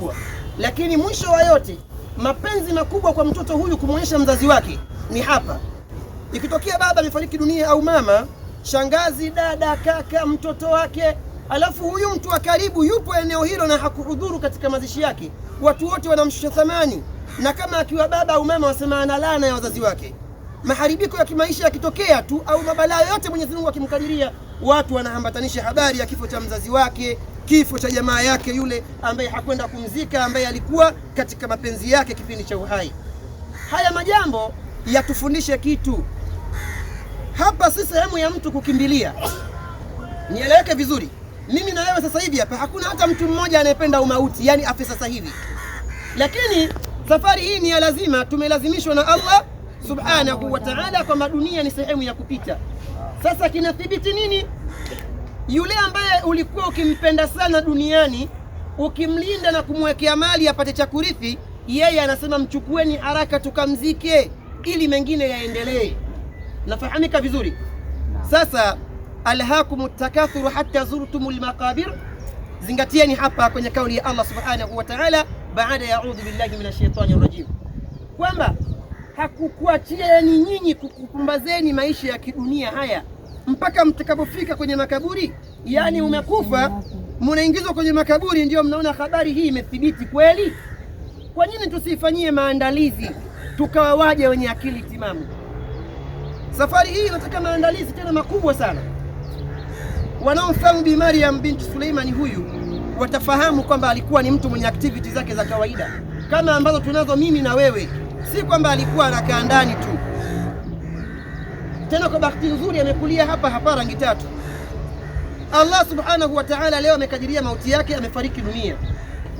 makubwa, lakini mwisho wa yote mapenzi makubwa kwa mtoto huyu kumwonyesha mzazi wake ni hapa. Ikitokea baba amefariki dunia au mama, shangazi, dada, kaka, mtoto wake, alafu huyu mtu wa karibu yupo eneo hilo na hakuhudhuru katika mazishi yake, watu wote wanamshusha thamani, na kama akiwa baba au mama wasema ana laana ya wazazi wake. Maharibiko ya kimaisha yakitokea tu au mabalaa yote Mwenyezi Mungu akimkadiria, watu wanahambatanisha habari ya kifo cha mzazi wake kifo cha jamaa yake yule ambaye hakwenda kumzika, ambaye alikuwa katika mapenzi yake kipindi cha uhai. Haya majambo yatufundishe kitu. Hapa si sehemu ya mtu kukimbilia, nieleweke vizuri. Mimi na wewe sasa hivi hapa hakuna hata mtu mmoja anayependa umauti, yani afe sasa hivi, lakini safari hii ni ya lazima. Tumelazimishwa na Allah subhanahu wa ta'ala kwamba dunia ni sehemu ya kupita. Sasa kinathibiti nini? Yule ambaye ulikuwa ukimpenda sana duniani, ukimlinda na kumwekea mali apate cha kurithi, yeye anasema mchukueni haraka tukamzike, ili mengine yaendelee. Nafahamika vizuri? Sasa alhakum takathuru hata zurtumul maqabir. Zingatieni hapa kwenye kauli ya Allah subhanahu wa ta'ala, baada ya audhu billahi min shaitani rajim, kwamba hakukuachieni nyinyi kukupumbazeni maisha ya kidunia haya mpaka mtakapofika kwenye makaburi yaani umekufa munaingizwa kwenye makaburi, ndio mnaona habari hii imethibiti kweli? Kwa nini tusifanyie maandalizi tukawa waja wenye akili timamu? Safari hii inataka maandalizi tena makubwa sana. Wanaofahamu Bi Mariam binti Suleimani huyu watafahamu kwamba alikuwa ni mtu mwenye aktiviti zake za kawaida kama ambazo tunazo mimi na wewe, si kwamba alikuwa anakaa ndani tu. Tena kwa bahati nzuri amekulia hapa hapa Rangi Tatu. Allah subhanahu wa ta'ala leo amekadiria mauti yake, amefariki dunia.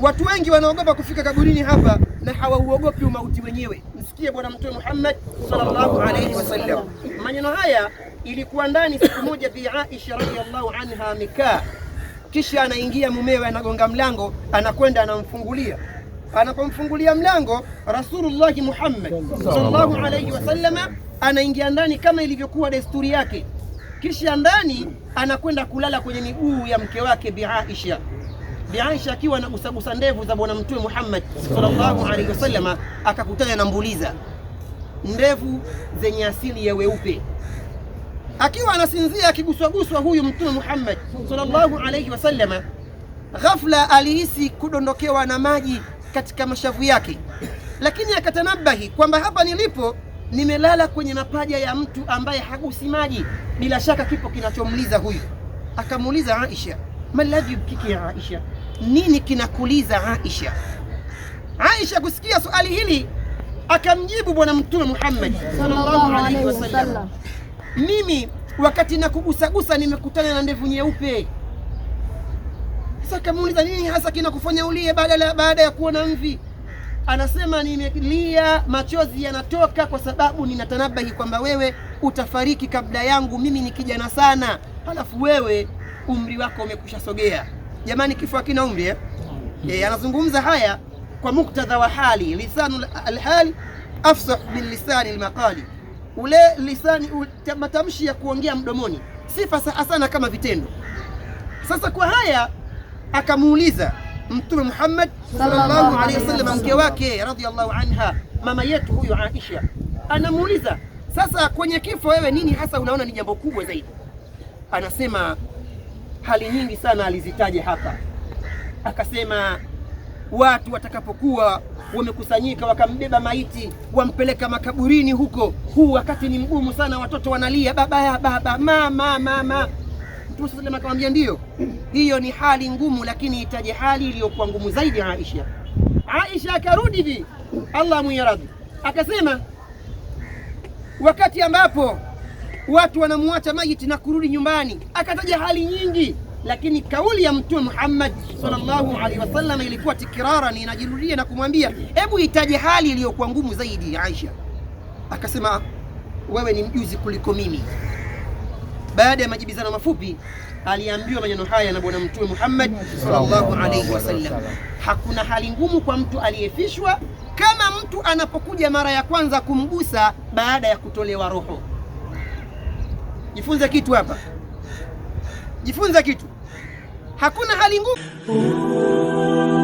Watu wengi wanaogopa kufika kaburini hapa na hawauogopi umauti wenyewe. Msikie Bwana Mtume Muhammad sallallahu alayhi wasallam, maneno haya ilikuwa ndani. Siku moja Bi Aisha radhiallahu anha amekaa, kisha anaingia mumewe, anagonga mlango, anakwenda anamfungulia. Anapomfungulia mlango, Rasulullahi Muhammad sallallahu alayhi wasallam anaingia ndani kama ilivyokuwa desturi yake kisha ndani anakwenda kulala kwenye miguu ya mke wake Bi Aisha. Bi Aisha akiwa anagusagusa ndevu za bwana Mtume Muhammad sallallahu alaihi wasallam, akakutana na mbuliza, ndevu zenye asili ya weupe. Akiwa anasinzia akiguswaguswa huyu Mtume Muhammad sallallahu alaihi wasallam, ghafla alihisi kudondokewa na maji katika mashavu yake, lakini akatanabahi kwamba hapa nilipo nimelala kwenye mapaja ya mtu ambaye hagusi maji, bila shaka kipo kinachomliza huyu. Akamuuliza Aisha, maladhi yubkiki ya Aisha, nini kinakuliza Aisha? Aisha kusikia swali hili akamjibu Bwana Mtume Muhammad sallallahu alaihi wasallam, mimi wakati nakugusagusa nimekutana na ndevu nyeupe. Sasa akamuuliza, nini hasa kinakufanya ulie baada ya kuona mvi? anasema nimelia, machozi yanatoka kwa sababu ninatanabahi kwamba wewe utafariki kabla yangu. Mimi ni kijana sana, halafu wewe umri wako sogea Jamani, kifo hakina umri eh? E, anazungumza haya kwa muktadha wa hali, lisanu alhali afsah min lisani almaqali, ule lisani matamshi ya kuongea mdomoni si fasaha sana kama vitendo. Sasa kwa haya akamuuliza Mtume Muhammad sallallahu alaihi wasallam, mke wake radhiallahu anha, mama yetu huyo Aisha anamuuliza, sasa kwenye kifo wewe nini hasa unaona ni jambo kubwa zaidi? Anasema hali nyingi sana alizitaja hapa, akasema watu watakapokuwa wamekusanyika wakambeba maiti wampeleka makaburini huko, huu wakati ni mgumu sana, watoto wanalia baba, baba, mama, mama Mtume sallam akamwambia ndiyo, hiyo ni hali ngumu, lakini itaje hali iliyokuwa ngumu zaidi. Aisha Aisha akarudi hivi, Allah mwenye radhi, akasema wakati ambapo watu wanamwacha maiti na kurudi nyumbani, akataja hali nyingi, lakini kauli ya Mtume Muhammad sallallahu alaihi wasallam ilikuwa tikirara, ni inajirudia na kumwambia, hebu itaje hali iliyokuwa ngumu zaidi. Aisha akasema, wewe ni mjuzi kuliko mimi baada ya majibizano mafupi, aliambiwa maneno haya na Bwana Mtume Muhammad sallallahu alaihi wasallam, hakuna hali ngumu kwa mtu aliyefishwa kama mtu anapokuja mara ya kwanza kumgusa baada ya kutolewa roho. Jifunze kitu hapa, jifunze kitu, hakuna hali ngumu